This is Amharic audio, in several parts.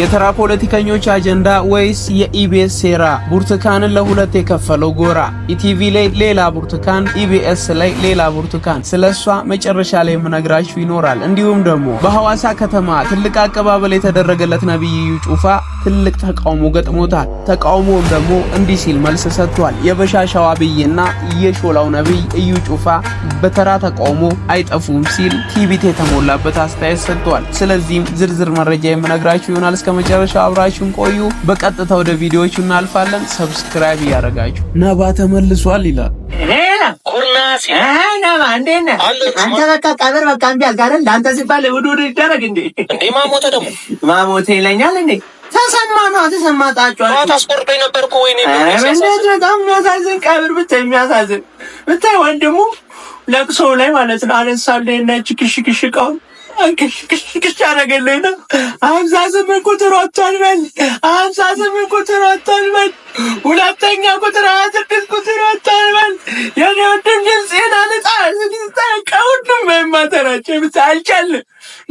የተራ ፖለቲከኞች አጀንዳ ወይስ የኢቢኤስ ሴራ? ብርቱካንን ለሁለት የከፈለው ጎራ ኢቲቪ ላይ ሌላ ብርቱካን፣ ኢቢኤስ ላይ ሌላ ብርቱካን። ስለ እሷ መጨረሻ ላይ የምነግራችሁ ይኖራል። እንዲሁም ደግሞ በሐዋሳ ከተማ ትልቅ አቀባበል የተደረገለት ነብይዩ ጩፋ ትልቅ ተቃውሞ ገጥሞታል። ተቃውሞም ደግሞ እንዲህ ሲል መልስ ሰጥቷል። የበሻሻው አብይና የሾላው ነቢይ እዩ ጩፋ በተራ ተቃውሞ አይጠፉም ሲል ቲቢት የተሞላበት አስተያየት ሰጥቷል። ስለዚህም ዝርዝር መረጃ የምነግራችሁ ይሆናል። እስከ አብራችሁን ቆዩ። በቀጥታ ወደ ቪዲዮቹ እናልፋለን። ሰብስክራይብ እያደረጋችሁ ነባ ተመልሷል ይላል። አንተ በቃ ቀብር በቃ እምቢ አልክ አይደል? ለአንተ ሲባል ይደረግ እንዴ? እንዴ ማሞተ ደግሞ ማሞተ ይለኛል እንዴ? ተሰማ ነው ተሰማ ጣጫው ወይኔ። እንዴት በጣም የሚያሳዝን ቀብር ብታይ የሚያሳዝን ብታይ ወንድሙ ለቅሶ ላይ ማለት ነው አነሳለ ክሽ ቅሻ አደረገልኝ ነው። ስምንት ቁጥር ወጥቷል በል፣ ስምንት ቁጥር ወጥቷል በል፣ ሁለተኛ ቁጥር ሀያ ስድስት ቁጥር ወጥቷል በል። የኔ ወንድም አልጣ ስድስታ ከሁሉም በማተራቸው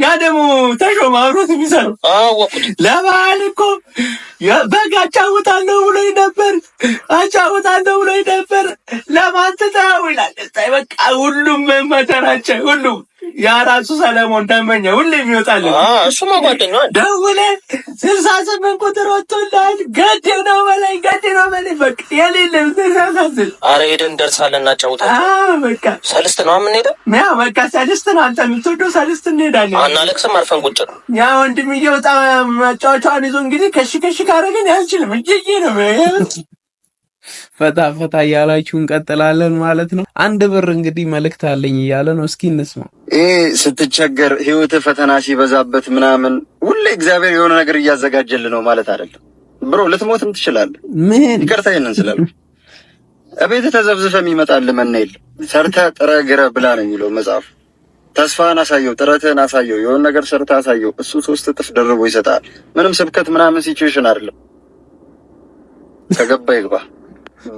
ያ ደግሞ ተሾመ አብሮት የሚሰሩ ለበዓል እኮ በግ አጫውታለሁ ብሎኝ ነበር፣ አጫውታለሁ ብሎኝ ነበር። ለማን ይላል። በቃ ሁሉም በማተራቸው ሁሉም ያ ራሱ ሰለሞን ደንበኛ ሁሌ የሚወጣለን እሱ ጓደኛ ደውለ ስልሳ ስምንት ቁጥር ወጥቶልሃል። ገድ ነው በላይ ገድ ነው በላይ በቃ የሌለም ስልሳሳስል አረ ሄደን እንደርሳለን። እናጫውታለን። በቃ ሰልስት ነው የምንሄደው። ያ በቃ ሰልስት ነው አንተ የምትወደው ሰልስት እንሄዳለን። አናለቅስም። አርፈን ቁጭ ነው። ያ ወንድም እየወጣ መጫወቻዋን ይዞ እንግዲህ ከሺ ከሺ ካረግን ያልችልም እጅዬ ነው ፈታ ፈታ እያላችሁ እንቀጥላለን ማለት ነው። አንድ ብር እንግዲህ መልእክት አለኝ እያለ ነው። እስኪ እንስማ። ይህ ስትቸገር ህይወት ፈተና ሲበዛበት ምናምን ሁሌ እግዚአብሔር የሆነ ነገር እያዘጋጀል ነው ማለት አይደለም። ብሮ ልትሞትም ትችላለህ። ምን ይቅርታ ይንን ስላለ እቤት ተዘብዝፈ የሚመጣል መና የለ ሰርተ ጥረ ግረ ብላ ነው የሚለው መጽሐፍ። ተስፋን አሳየው፣ ጥረትህን አሳየው፣ የሆነ ነገር ሰርተ አሳየው። እሱ ሶስት እጥፍ ደርቦ ይሰጣል። ምንም ስብከት ምናምን ሲቹዌሽን አይደለም። ከገባ ይግባ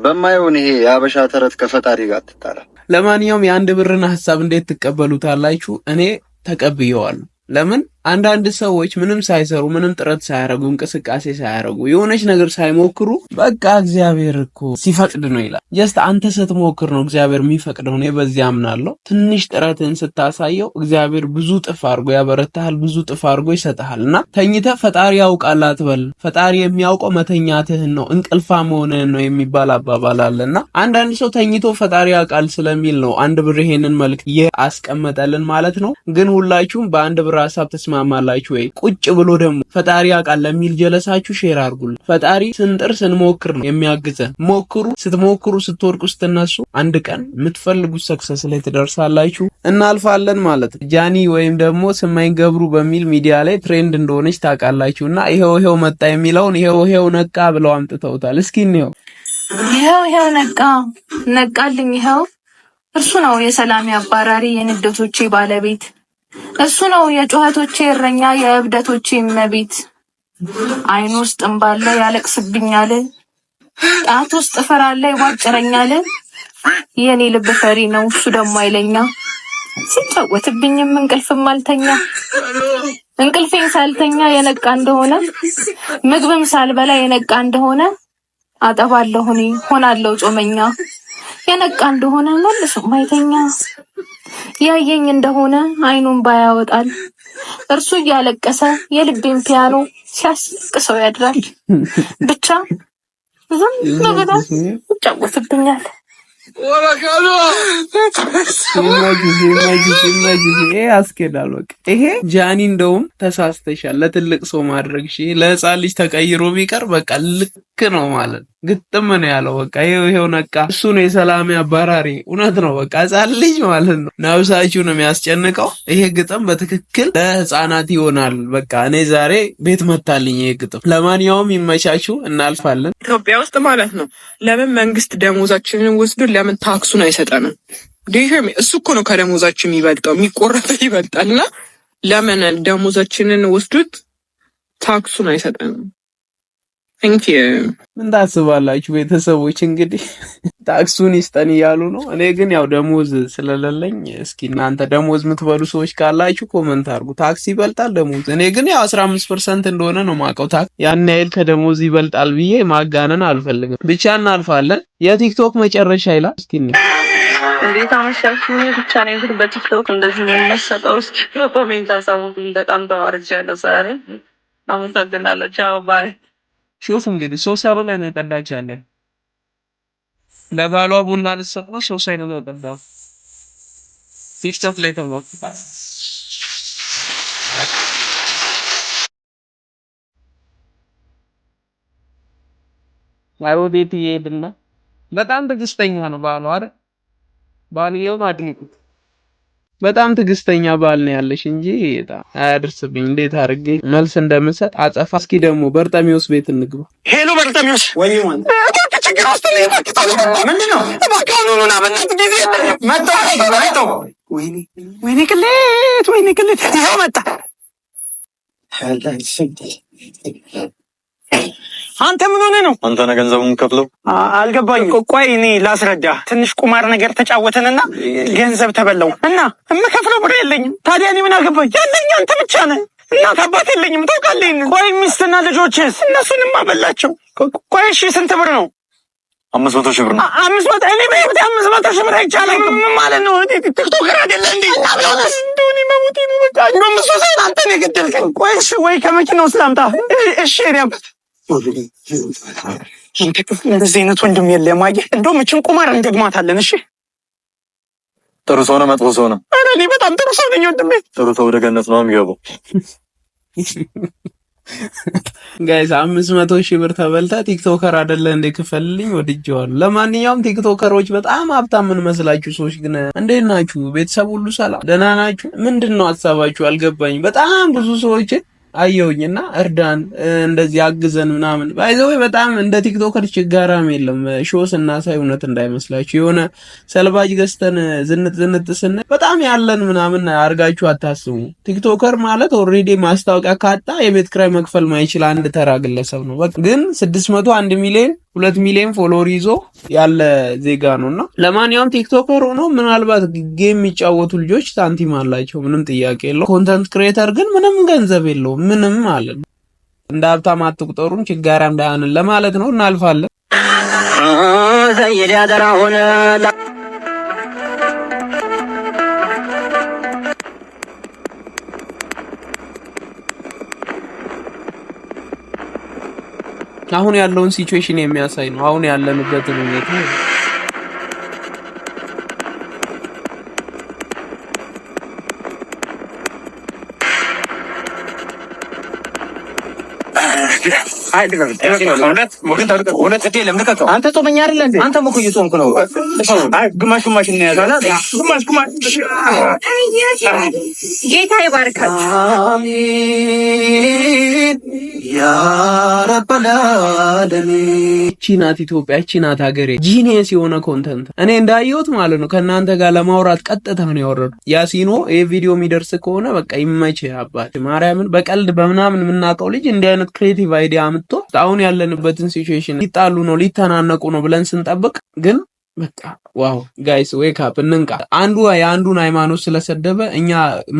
በማይሆን ይሄ የአበሻ ተረት ከፈጣሪ ጋር ትጣላ። ለማንኛውም የአንድ ብርን ሀሳብ እንዴት ትቀበሉታላችሁ? እኔ ተቀብየዋል። ለምን አንዳንድ ሰዎች ምንም ሳይሰሩ ምንም ጥረት ሳያረጉ እንቅስቃሴ ሳያረጉ የሆነች ነገር ሳይሞክሩ በቃ እግዚአብሔር እኮ ሲፈቅድ ነው ይላል። ጀስት አንተ ስትሞክር ነው እግዚአብሔር የሚፈቅደው። እኔ በዚህ አምናለሁ። ትንሽ ጥረትን ስታሳየው እግዚአብሔር ብዙ ጥፍ አድርጎ ያበረታሃል፣ ብዙ ጥፍ አድርጎ ይሰጥሃል። እና ተኝተ ፈጣሪ ያውቃል አትበል። ፈጣሪ የሚያውቀው መተኛትህን ነው፣ እንቅልፋ መሆንህን ነው የሚባል አባባል አለ። እና አንዳንድ ሰው ተኝቶ ፈጣሪ ያውቃል ስለሚል ነው አንድ ብር ይሄንን መልክ ይህ አስቀመጠልን ማለት ነው። ግን ሁላችሁም በአንድ ብር ሀሳብ ትስማማላችሁ ወይ? ቁጭ ብሎ ደግሞ ፈጣሪ ያውቃል ለሚል ጀለሳችሁ ሼር አድርጉልን። ፈጣሪ ስንጥር ስንሞክር ነው የሚያግዘ። ሞክሩ። ስትሞክሩ፣ ስትወርቁ፣ ስትነሱ አንድ ቀን የምትፈልጉት ሰክሰስ ላይ ትደርሳላችሁ። እናልፋለን ማለት ነው። ጃኒ ወይም ደግሞ ስማኝ ገብሩ በሚል ሚዲያ ላይ ትሬንድ እንደሆነች ታውቃላችሁ። እና ይሄው ይሄው መጣ የሚለውን ይሄው ይሄው ነቃ ብለው አምጥተውታል። እስኪ እንየው። ይሄው ይሄው ነቃ ነቃልኝ። ይሄው እርሱ ነው የሰላም አባራሪ የንደቶቼ ባለቤት እሱ ነው የጩኸቶቼ እረኛ፣ የእብደቶቼ እመቤት። አይን ውስጥ እንባለ ያለቅስብኛል። ጣት ውስጥ ፈራለ አለ፣ ይቧጭረኛል። የኔ ልብ ፈሪ ነው፣ እሱ ደግሞ አይለኛ። ሲጫወትብኝም እንቅልፍም አልተኛ። እንቅልፌን ሳልተኛ የነቃ እንደሆነ ምግብም ሳልበላ የነቃ እንደሆነ አጠባለሁ እኔ ሆናለሁ ጾመኛ። የነቃ እንደሆነ መልሶ ማይተኛ ያየኝ እንደሆነ አይኑን ባያወጣል እርሱ እያለቀሰ የልቤን ፒያኖ ሲያስለቅሰው ያድራል። ብቻ ዝም ብሎ ይጫወትብኛል። ያስኬዳል። በቃ ይሄ ጃኒ እንደውም ተሳስተሻል፣ ለትልቅ ሰው ማድረግ ለህፃን ልጅ ተቀይሮ ቢቀር በቃ ልክ ነው ማለት ግጥም ነው ያለው። በቃ ይሄው ይሄው ነቃ። እሱ ነው የሰላሜ አባራሪ። እውነት ነው። በቃ ህፃን ልጅ ማለት ነው ነብሳችሁ ነው የሚያስጨንቀው። ይሄ ግጥም በትክክል ለህፃናት ይሆናል። በቃ እኔ ዛሬ ቤት መታልኝ ይሄ ግጥም። ለማንኛውም ይመቻችሁ፣ እናልፋለን። ኢትዮጵያ ውስጥ ማለት ነው ለምን መንግስት ደሞዛችንን ወስዱ ለምን ታክሱን አይሰጠንም? ዲሄር እሱ እኮ ነው ከደሞዛችን የሚበልጠው የሚቆረጠው ይበልጣል። እና ለምን ደሞዛችንን ወስዱት ታክሱን አይሰጠንም? ምን ታስባላችሁ ቤተሰቦች እንግዲህ ታክሱን ይስጠን እያሉ ነው። እኔ ግን ያው ደሞዝ ስለሌለኝ እስኪ እናንተ ደሞዝ የምትበሉ ሰዎች ካላችሁ ኮመንት አድርጉ። ታክስ ይበልጣል ደሞዝ? እኔ ግን ያው አስራ አምስት ፐርሰንት እንደሆነ ነው ማቀው። ታክስ ያን ያህል ከደሞዝ ይበልጣል ብዬ ማጋነን አልፈልግም። ብቻ እናልፋለን። የቲክቶክ መጨረሻ ይላል። እስኪ እንዴት አመሻችሁ። ብቻ ነው ግን በቲክቶክ እንደዚህ የምንመሰጠው። እስኪ በኮሜንት አሳውቁ። በጣም ተዋርጃለሁ ዛሬ። አመሰግናለሁ። ቻው ባይ። ሹፍ እንግዲህ ሶስት ሰበብ ላይ እንጠላቻለን ለባሏ ቡና ልሰጥ ልሰራ ሰው ሳይኖር ጠጣሁ። ቲክቶክ ላይ ተባልኩ። ባሮ ቤት ይሄድና በጣም ትዕግስተኛ ነው ባሏ አይደል? ባልየውም አድንቁት። በጣም ትዕግስተኛ ባል ነው ያለሽ እንጂ አያደርስብኝ። እንዴት አድርጌ መልስ እንደምሰጥ አጸፋ። እስኪ ደግሞ በርጠሚዎስ ቤት እንግባ። ሄሎ በርጠሚዎስ ወይ አንተ ምን ሆነህ ነው? አንተ ነህ ገንዘቡን ከፍለው። አልገባኝም። ቆይ እኔ ላስረዳ። ትንሽ ቁማር ነገር ተጫወተንና ገንዘብ ተበላው እና የምከፍለው ብር የለኝም። ታዲያ እኔ ምን አልገባኝ? ያለኝ አንተ ብቻ ነህ። እናት አባት የለኝም ታውቃለህ። ቆይ ሚስትና ልጆችስ? እነሱንም አበላቸው። ቆይ እሺ፣ ስንት ብር ነው? አምስት መቶ ሺህ ብር ነው። አምስት መቶ እኔ በህይወት አምስት መቶ ሺህ ብር አይቻልም። ምን ማለት ነው? እኔ ቲክቶከር አይደለ እንዴ? እንደሆነ መሞቴ ነው። በቃ አምስት መቶ ሺህ አንተ ነው የገደልከኝ። ቆይ እሺ፣ ወይ ከመኪና ውስጥ ላምጣ። እሺ፣ ሪያም እንደዚህ አይነት ወንድም የለ ማየ። እንደውም እችን ቁማር እንደግማታለን። እሺ፣ ጥሩ ሰው ነው መጥፎ ሰው ነው? ኧረ እኔ በጣም ጥሩ ሰው ነኝ ወንድሜ። ጥሩ ሰው ወደ ገነት ነው የሚገባው። ጋይስ አምስት መቶ ሺህ ብር ተበልታ ቲክቶከር አይደለ እንዴ ክፈልልኝ ወድጄዋለሁ። ለማንኛውም ቲክቶከሮች በጣም ሀብታም የምንመስላችሁ ሰዎች ግን እንዴት ናችሁ? ቤተሰብ ሁሉ ሰላም ደህና ናችሁ? ምንድን ነው ሀሳባችሁ አልገባኝ። በጣም ብዙ ሰዎችን አየውኝና እርዳን እንደዚህ አግዘን ምናምን ባይዘው በጣም እንደ ቲክቶከር ችጋራም የለም። ሾ ስናሳይ እውነት እንዳይመስላችሁ የሆነ ሰልባጅ ገዝተን ዝንጥ ዝንጥ ስንል በጣም ያለን ምናምን አርጋችሁ አታስቡ። ቲክቶከር ማለት ኦልሬዲ ማስታወቂያ ካጣ የቤት ክራይ መክፈል ማይችል አንድ ተራ ግለሰብ ነው። ግን ስድስት መቶ አንድ ሚሊዮን ሁለት ሚሊዮን ፎሎወር ይዞ ያለ ዜጋ ነው እና ለማንኛውም ቲክቶከር ሆኖ ምናልባት ጌም የሚጫወቱ ልጆች ሳንቲም አላቸው፣ ምንም ጥያቄ የለው። ኮንተንት ክሬተር ግን ምንም ገንዘብ የለውም፣ ምንም አለ። እንደ ሀብታም አትቁጠሩን፣ ችጋራም ዳያንን ለማለት ነው። እናልፋለን። ሰይድ አሁን ያለውን ሲቹዌሽን የሚያሳይ ነው። አሁን ያለንበት ሁኔታ አንተ ጾመኛ አይደለ እንዴ? አንተ እኮ እየጾምክ ነው። ግማሽ ግማሽ እናያለን። ግማሽ ግማሽ ጌታ ይባርካል። ለዓለሚ እቺ ናት ኢትዮጵያ፣ እቺ ናት ሀገሬ። ጂኒየስ የሆነ ኮንተንት እኔ እንዳየሁት ማለት ነው። ከእናንተ ጋር ለማውራት ቀጥታ ነው ያወረዱ። ያሲኖ ይህ ቪዲዮ የሚደርስ ከሆነ በቃ ይመች አባት ማርያምን። በቀልድ በምናምን የምናውቀው ልጅ እንዲህ አይነት ክሬቲቭ አይዲያ አምጥቶ አሁን ያለንበትን ሲቹዌሽን ሊጣሉ ነው ሊተናነቁ ነው ብለን ስንጠብቅ ግን በቃ ዋው ጋይስ ዌክ አፕ እንንቃ። አንዱ የአንዱን ሃይማኖት ስለሰደበ እኛ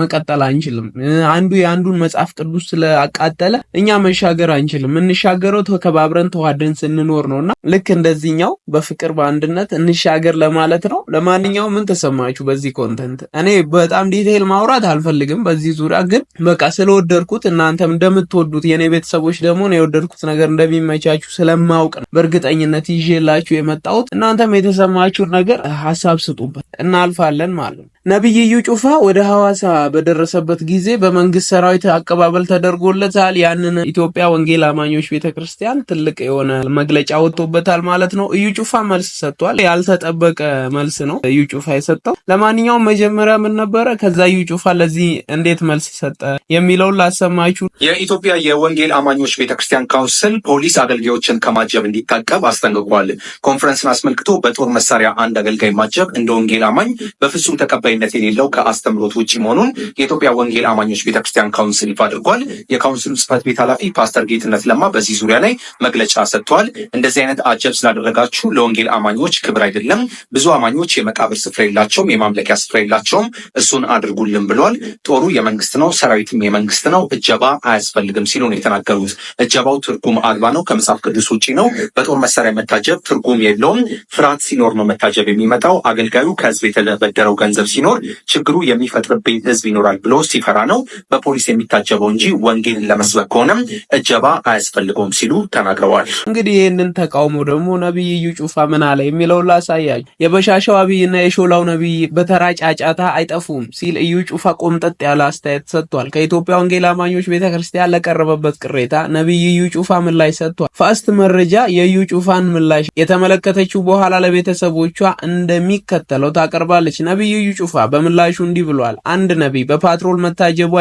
መቀጠል አንችልም። አንዱ የአንዱን መጽሐፍ ቅዱስ ስለአቃጠለ እኛ መሻገር አንችልም። እንሻገረው ተከባብረን ተዋደን ስንኖር ነው እና ልክ እንደዚህኛው በፍቅር በአንድነት እንሻገር ለማለት ነው። ለማንኛውም ምን ተሰማችሁ በዚህ ኮንተንት? እኔ በጣም ዲቴይል ማውራት አልፈልግም በዚህ ዙሪያ ግን በቃ ስለወደድኩት እናንተም እንደምትወዱት የእኔ ቤተሰቦች ደግሞ የወደድኩት ነገር እንደሚመቻችሁ ስለማውቅ ነው በእርግጠኝነት ይዤላችሁ የመጣሁት እናንተም የተሰ በሰማችሁ ነገር ሀሳብ ስጡበት፣ እናልፋለን ማለት ነው። ነቢይ እዩ ጩፋ ወደ ሐዋሳ በደረሰበት ጊዜ በመንግስት ሰራዊት አቀባበል ተደርጎለታል። ያንን ኢትዮጵያ ወንጌል አማኞች ቤተክርስቲያን ትልቅ የሆነ መግለጫ ወጥቶበታል ማለት ነው። እዩ ጩፋ መልስ ሰጥቷል። ያልተጠበቀ መልስ ነው እዩ ጩፋ የሰጠው። ለማንኛውም መጀመሪያ ምን ነበረ፣ ከዛ እዩ ጩፋ ለዚህ እንዴት መልስ ሰጠ የሚለውን ላሰማችሁ። የኢትዮጵያ የወንጌል አማኞች ቤተክርስቲያን ካውንስል ፖሊስ አገልጋዮችን ከማጀብ እንዲታቀብ አስጠንቅቋል። ኮንፈረንስን አስመልክቶ በጦር መሳሪያ አንድ አገልጋይ ማጀብ እንደ ወንጌል አማኝ በፍጹም ተቀባይ ተቀባይነት የሌለው ከአስተምሮት ውጭ መሆኑን የኢትዮጵያ ወንጌል አማኞች ቤተክርስቲያን ካውንስል ይፋ አድርጓል። የካውንስሉ ጽህፈት ቤት ኃላፊ ፓስተር ጌትነት ለማ በዚህ ዙሪያ ላይ መግለጫ ሰጥተዋል። እንደዚህ አይነት አጀብ ስላደረጋችሁ ለወንጌል አማኞች ክብር አይደለም። ብዙ አማኞች የመቃብር ስፍራ የላቸውም፣ የማምለኪያ ስፍራ የላቸውም። እሱን አድርጉልን ብሏል። ጦሩ የመንግስት ነው፣ ሰራዊትም የመንግስት ነው። እጀባ አያስፈልግም ሲሉ ነው የተናገሩት። እጀባው ትርጉም አልባ ነው፣ ከመጽሐፍ ቅዱስ ውጭ ነው። በጦር መሳሪያ መታጀብ ትርጉም የለውም። ፍርሃት ሲኖር ነው መታጀብ የሚመጣው። አገልጋዩ ከህዝብ የተበደረው ገንዘብ ሲኖር ችግሩ የሚፈጥርብኝ ህዝብ ይኖራል ብሎ ሲፈራ ነው በፖሊስ የሚታጀበው እንጂ ወንጌልን ለመስበክ ከሆነም እጀባ አያስፈልገውም ሲሉ ተናግረዋል። እንግዲህ ይህንን ተቃውሞ ደግሞ ነቢይ እዩ ጩፋ ምን አለ የሚለው ላሳያጅ የበሻሻው አብይና የሾላው ነቢይ በተራ ጫጫታ አይጠፉም ሲል እዩ ጩፋ ቆምጠጥ ያለ አስተያየት ሰጥቷል። ከኢትዮጵያ ወንጌል አማኞች ቤተክርስቲያን ለቀረበበት ቅሬታ ነቢይ እዩ ጩፋ ምላሽ ሰጥቷል። ፋስት መረጃ የእዩ ጩፋን ምላሽ የተመለከተችው በኋላ ለቤተሰቦቿ እንደሚከተለው ታቀርባለች። ነቢይ እዩ ጩፋ በምላሹ እንዲህ ብሏል። አንድ ነቢይ በፓትሮል መታጀቡ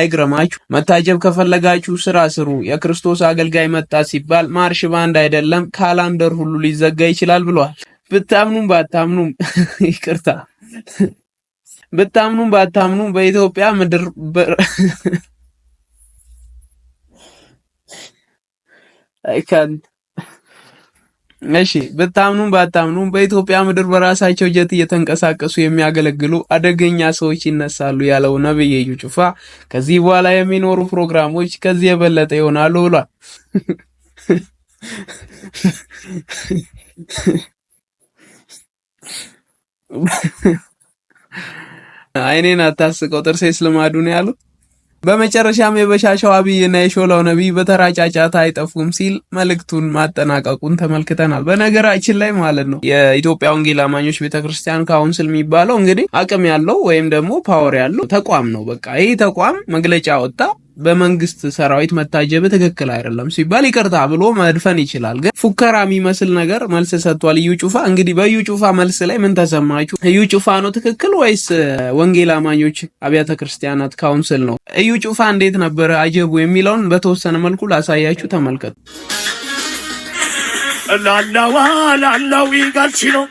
አይግረማችሁ። መታጀብ ከፈለጋችሁ ስራ ስሩ። የክርስቶስ አገልጋይ መጣ ሲባል ማርሽ ባንድ አይደለም ካላንደር ሁሉ ሊዘጋ ይችላል ብሏል። ብታምኑም ባታምኑም ይቅርታ ብታምኑም ባታምኑም በኢትዮጵያ ምድር አይካን እሺ ብታምኑም ባታምኑም በኢትዮጵያ ምድር በራሳቸው ጀት እየተንቀሳቀሱ የሚያገለግሉ አደገኛ ሰዎች ይነሳሉ ያለው ነብይ እዩ ጩፋ ከዚህ በኋላ የሚኖሩ ፕሮግራሞች ከዚህ የበለጠ ይሆናሉ ብሏል። አይኔን አታስቀው ጥርሴ ስለማዱ ነው ያሉት። በመጨረሻም የበሻሻው አብይና የሾላው ነቢይ በተራ ጫጫታ አይጠፉም ሲል መልእክቱን ማጠናቀቁን ተመልክተናል። በነገራችን ላይ ማለት ነው የኢትዮጵያ ወንጌል አማኞች ቤተክርስቲያን ካውንስል የሚባለው እንግዲህ አቅም ያለው ወይም ደግሞ ፓወር ያለው ተቋም ነው። በቃ ይህ ተቋም መግለጫ ወጣ በመንግስት ሰራዊት መታጀብ ትክክል አይደለም ሲባል ይቅርታ ብሎ መድፈን ይችላል። ግን ፉከራ የሚመስል ነገር መልስ ሰጥቷል እዩ ጩፋ። እንግዲህ በእዩ ጩፋ መልስ ላይ ምን ተሰማችሁ? እዩ ጩፋ ነው ትክክል ወይስ ወንጌል አማኞች አብያተ ክርስቲያናት ካውንስል ነው? እዩ ጩፋ እንዴት ነበረ አጀቡ የሚለውን በተወሰነ መልኩ ላሳያችሁ፣ ተመልከቱ። ላላዋ ላላዊ ጋር ነው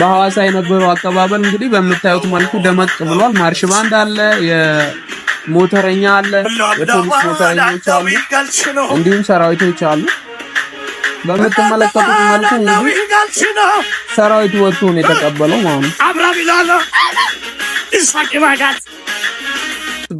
በሐዋሳ የነበረው አቀባበል እንግዲህ በምታዩት መልኩ ደመቅ ብሏል። ማርሽ ባንድ አለ። ሞተረኛ አለ፣ የፖሊስ ሞተረኞች አሉ፣ እንዲሁም ሰራዊቶች አሉ። በምትመለከቱት መልኩ እንግዲህ ሰራዊቱ ወጥቶ ነው የተቀበለው ማለት ነው።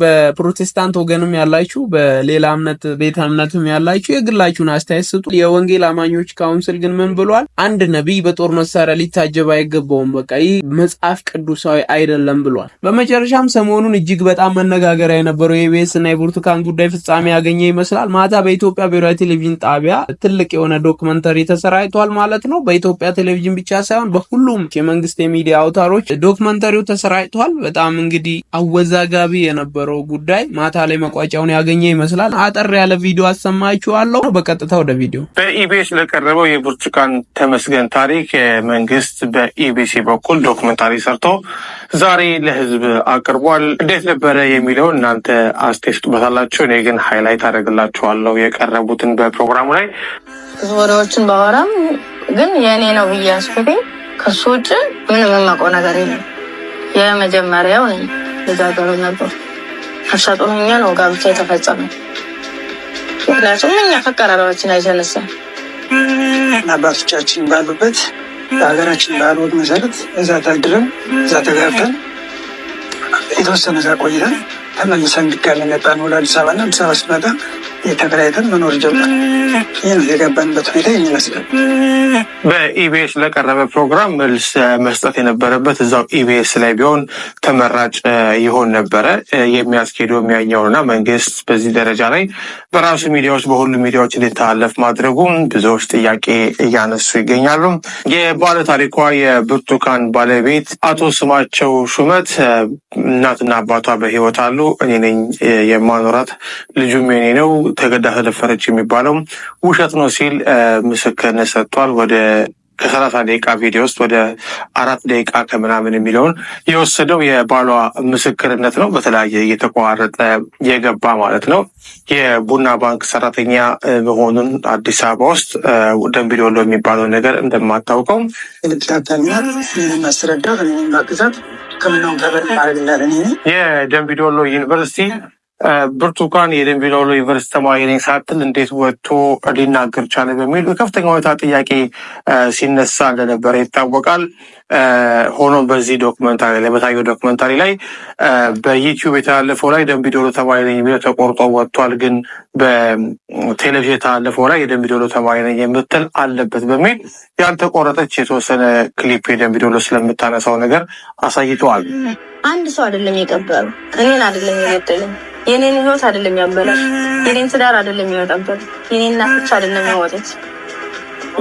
በፕሮቴስታንት ወገንም ያላችሁ በሌላ እምነት ቤተ እምነትም ያላችሁ የግላችሁን አስተያየት ስጡ። የወንጌል አማኞች ካውንስል ግን ምን ብሏል? አንድ ነቢይ በጦር መሳሪያ ሊታጀብ አይገባውም፣ በቃ ይህ መጽሐፍ ቅዱሳዊ አይደለም ብሏል። በመጨረሻም ሰሞኑን እጅግ በጣም መነጋገሪያ የነበረው የኢቢኤስ እና የብርቱካን ጉዳይ ፍጻሜ ያገኘ ይመስላል። ማታ በኢትዮጵያ ብሔራዊ ቴሌቪዥን ጣቢያ ትልቅ የሆነ ዶክመንተሪ ተሰራጭቷል ማለት ነው። በኢትዮጵያ ቴሌቪዥን ብቻ ሳይሆን በሁሉም የመንግስት የሚዲያ አውታሮች ዶክመንተሪው ተሰራጭቷል። በጣም እንግዲህ አወዛጋቢ የነበረ የነበረው ጉዳይ ማታ ላይ መቋጫውን ያገኘ ይመስላል። አጠር ያለ ቪዲዮ አሰማችኋለሁ። በቀጥታ ወደ ቪዲዮ። በኢቢኤስ ለቀረበው የብርቱካን ተመስገን ታሪክ መንግስት በኢቢሲ በኩል ዶክመንታሪ ሰርቶ ዛሬ ለህዝብ አቅርቧል። እንዴት ነበረ የሚለው እናንተ አስተያየት ስጡበታላችሁ። እኔ ግን ሃይላይት አደርግላችኋለሁ የቀረቡትን በፕሮግራሙ ላይ ወሬዎችን ባወራም ግን የእኔ ነው ብዬ አስብኝ። ከሱ ውጭ ምንም የማውቀው ነገር የለም። የመጀመሪያው ልጃገሩ ነበር። ነፍሰ ጡር ሆኜ ነው ጋብቻ የተፈጸመ። ምክንያቱም እኛ ከቀራራባችን አይተነሳ አባቶቻችን ባሉበት በሀገራችን ባሉት መሰረት እዛ ታድረን እዛ ተጋብተን የተወሰነ እዛ ቆይተን ተመልሰን ድጋሚ መጣን ወደ አዲስ አበባ እና አዲስ አበባ ስመጣ የተከራይተን መኖር ጀመር። ይህ የገባንበት ሁኔታ የሚመስለው። በኢቢኤስ ለቀረበ ፕሮግራም መልስ መስጠት የነበረበት እዛው ኢቢኤስ ላይ ቢሆን ተመራጭ ይሆን ነበረ። የሚያስኬደው የሚያኛውና መንግስት በዚህ ደረጃ ላይ በራሱ ሚዲያዎች በሁሉ ሚዲያዎች እንዲተላለፍ ማድረጉም ብዙዎች ጥያቄ እያነሱ ይገኛሉ። የባለ ታሪኳ የብርቱካን ባለቤት አቶ ስማቸው ሹመት እናትና አባቷ በህይወት አሉ። እኔ ነኝ የማኖራት ልጁም የኔ ነው። ተገዳ ተደፈረች የሚባለው ውሸት ነው ሲል ምስክርነት ሰጥቷል። ወደ ከሰላሳ ደቂቃ ቪዲዮ ውስጥ ወደ አራት ደቂቃ ከምናምን የሚለውን የወሰደው የባሏ ምስክርነት ነው። በተለያየ እየተቋረጠ የገባ ማለት ነው። የቡና ባንክ ሰራተኛ መሆኑን አዲስ አበባ ውስጥ ደምቢዶሎ ዶሎ የሚባለው ነገር እንደማታውቀው የደምቢዶሎ ዩኒቨርሲቲ ብርቱካን የደንቪላው ዩኒቨርስቲ ተማሪ ሳትል እንዴት ወጥቶ ሊናገር ቻለ በሚል በከፍተኛ ሁኔታ ጥያቄ ሲነሳ እንደነበረ ይታወቃል። ሆኖ በዚህ ዶክመንታሪ ላይ በታየው ዶክመንታሪ ላይ በዩቲዩብ የተላለፈው ላይ ደንቢዶሎ ተማሪ ነኝ የሚለው ተቆርጦ ወጥቷል። ግን በቴሌቪዥን የተላለፈው ላይ የደንቢዶሎ ተማሪ ነኝ የምትል አለበት በሚል ያልተቆረጠች የተወሰነ ክሊፕ የደንቢዶሎ ስለምታነሳው ነገር አሳይተዋል። አንድ ሰው አይደለም የቀበሩ እኔን አይደለም የገደለኝ የኔን ህይወት አይደለም ያበላሽ፣ የኔን ትዳር አይደለም ያወጣበት፣ የኔ እናት ብቻ አይደለም ያወጣች፣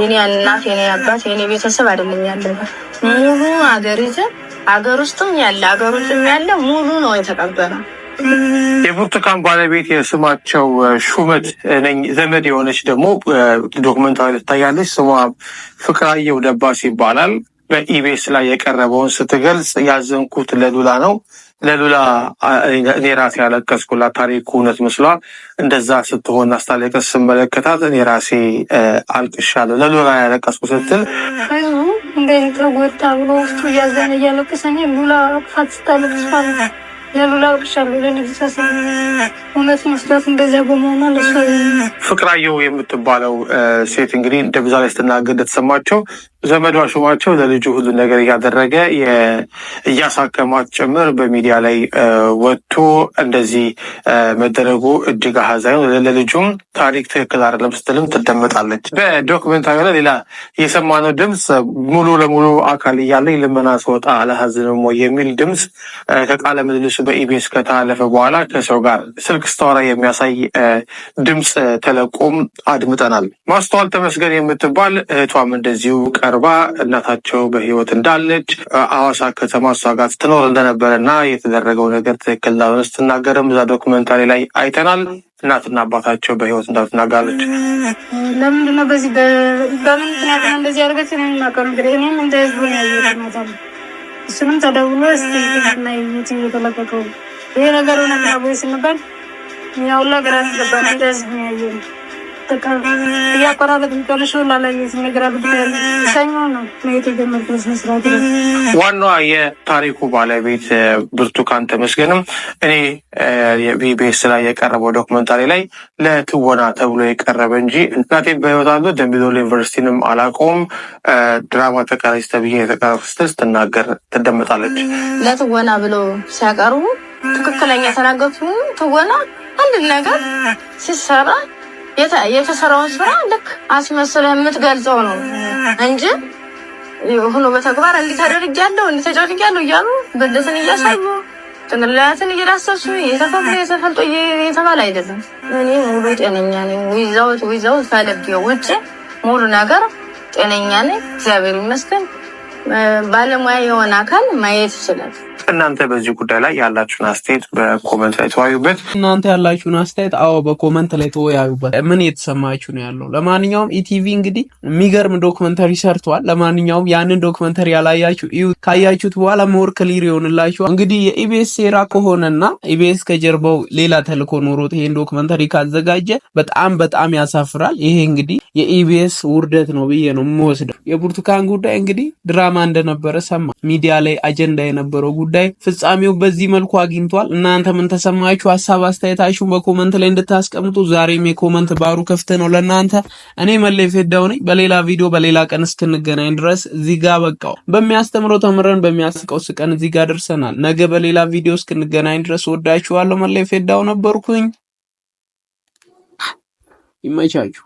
የኔ እናት፣ የኔ አባት፣ የኔ ቤተሰብ አይደለም ያለበ ሙሉ አገሪቱ አገር ውስጥም ያለ አገር ውስጥም ያለ ሙሉ ነው የተቀበለው። የብርቱካን ባለቤት የስማቸው ሹመት ነኝ ዘመድ የሆነች ደግሞ ዶክመንታሪ ትታያለች። ስሟ ፍቅራየሁ ደባስ ይባላል። በኢቤስ ላይ የቀረበውን ስትገልጽ ያዘንኩት ለሉላ ነው ለሉላ እኔ ራሴ ያለቀስኩላት ታሪኩ እውነት መስሏል። እንደዛ ስትሆን አስታለቀስ ስመለከታት እኔ ራሴ አልቅሻለሁ። ለሉላ ያለቀስኩ ስትል ፍቅራየው የምትባለው ሴት እንግዲህ ደብዛ ላይ ስትናገር እንደተሰማቸው ዘመዷ ሹማቸው ለልጁ ሁሉ ነገር እያደረገ እያሳከማት ጭምር በሚዲያ ላይ ወጥቶ እንደዚህ መደረጉ እጅግ አሳዛኝ ነው። ለልጁም ታሪክ ትክክል አይደለም ስትልም ትደመጣለች። በዶክመንታሪ ላይ ሌላ የሰማነው ድምፅ ሙሉ ለሙሉ አካል እያለኝ ልመና ስወጣ አላሳዝንም ወይ የሚል ድምፅ ከቃለ ምልልሱ በኢቢኤስ ከተላለፈ በኋላ ከሰው ጋር ስልክ ስታወራ የሚያሳይ ድምፅ ተለቆም አድምጠናል። ማስተዋል ተመስገን የምትባል እህቷም እንደዚሁ ቀርባ እናታቸው በህይወት እንዳለች አዋሳ ከተማ እሷ ጋር ስትኖር እንደነበረና የተደረገው ነገር ትክክል እንዳልሆነ ስትናገርም እዛ ዶክመንታሪ ላይ አይተናል። እናትና አባታቸው በህይወት እንዳትናጋለች ትናገራለች። ለምንድን ነው በዚህ በምን ምክንያት ነው እንደዚህ አድርገች ነው የሚናገሩ? እንግዲህ እኔም እንደ ህዝቡ ነው ያየሁት። እሱንም ተደውሎ ና ዩቲ የተለቀቀው ይሄ ነገር ሆነ ስንባል ያውላ ግራ ገባ። እንደ ህዝቡ ነው ያየሁት ዋናዋ የታሪኩ ባለቤት ብርቱካን ተመስገንም እኔ ኢቢኤስ ላይ የቀረበው ዶክመንታሪ ላይ ለትወና ተብሎ የቀረበ እንጂ እናቴን በህይወት አሉ ደምቢዶሎ ዩኒቨርሲቲንም አላውቀውም ድራማ ተቀራጭ ተብዬ የተቀረብ ስትል ስትናገር ትደመጣለች። ለትወና ብሎ ሲያቀርቡ ትክክለኛ የተናገሩት ትወና አንድ ነገር ሲሰራ የተሰራውን ስራ ልክ አስመስለህ የምትገልጸው ነው እንጂ ሆኖ በተግባር እንዲተደርጊያለሁ እንዲተጨርጊያለሁ እያሉ ብልትን እያሳዩ ጭንቅላትን እየዳሰሱ የተፈፍ የተፈልጦ የተባለ አይደለም። እኔ ሙሉ ጤነኛ ነኝ። ዊዛውት ዊዛውት ፈለግ ውጭ ሙሉ ነገር ጤነኛ ነኝ። እግዚአብሔር ይመስገን። ባለሙያ የሆነ አካል ማየት ይችላል። እናንተ በዚህ ጉዳይ ላይ ያላችሁን አስተያየት በኮመንት ላይ ተወያዩበት። እናንተ ያላችሁን አስተያየት አዎ፣ በኮመንት ላይ ተወያዩበት። ምን የተሰማችሁ ነው ያለው። ለማንኛውም ኢቲቪ እንግዲህ የሚገርም ዶክመንተሪ ሰርተዋል። ለማንኛውም ያንን ዶክመንተሪ ያላያችሁ እዩ። ካያችሁት በኋላ ሞር ክሊር ይሆንላችኋል። እንግዲህ የኢቢኤስ ሴራ ከሆነና ኢቢኤስ ከጀርባው ሌላ ተልኮ ኖሮት ይሄን ዶክመንተሪ ካዘጋጀ በጣም በጣም ያሳፍራል። ይሄ እንግዲህ የኢቢኤስ ውርደት ነው ብዬ ነው የምወስደው። የብርቱካን ጉዳይ እንግዲህ ድራማ እንደነበረ ሰማ ሚዲያ ላይ አጀንዳ የነበረው ጉዳይ ላይ ፍጻሜው በዚህ መልኩ አግኝቷል። እናንተ ምን ተሰማችሁ? ሀሳብ አስተያየታችሁን በኮመንት ላይ እንድታስቀምጡ ዛሬም የኮመንት ባሩ ክፍት ነው ለእናንተ። እኔ መለይ ፌዳው ነኝ። በሌላ ቪዲዮ በሌላ ቀን እስክንገናኝ ድረስ እዚህ ጋር በቃው። በሚያስተምረው ተምረን በሚያስቀው ስቀን እዚህ ጋር ደርሰናል። ነገ በሌላ ቪዲዮ እስክንገናኝ ድረስ ወዳችኋለሁ። መለይ ፌዳው ነበርኩኝ። ይመቻችሁ።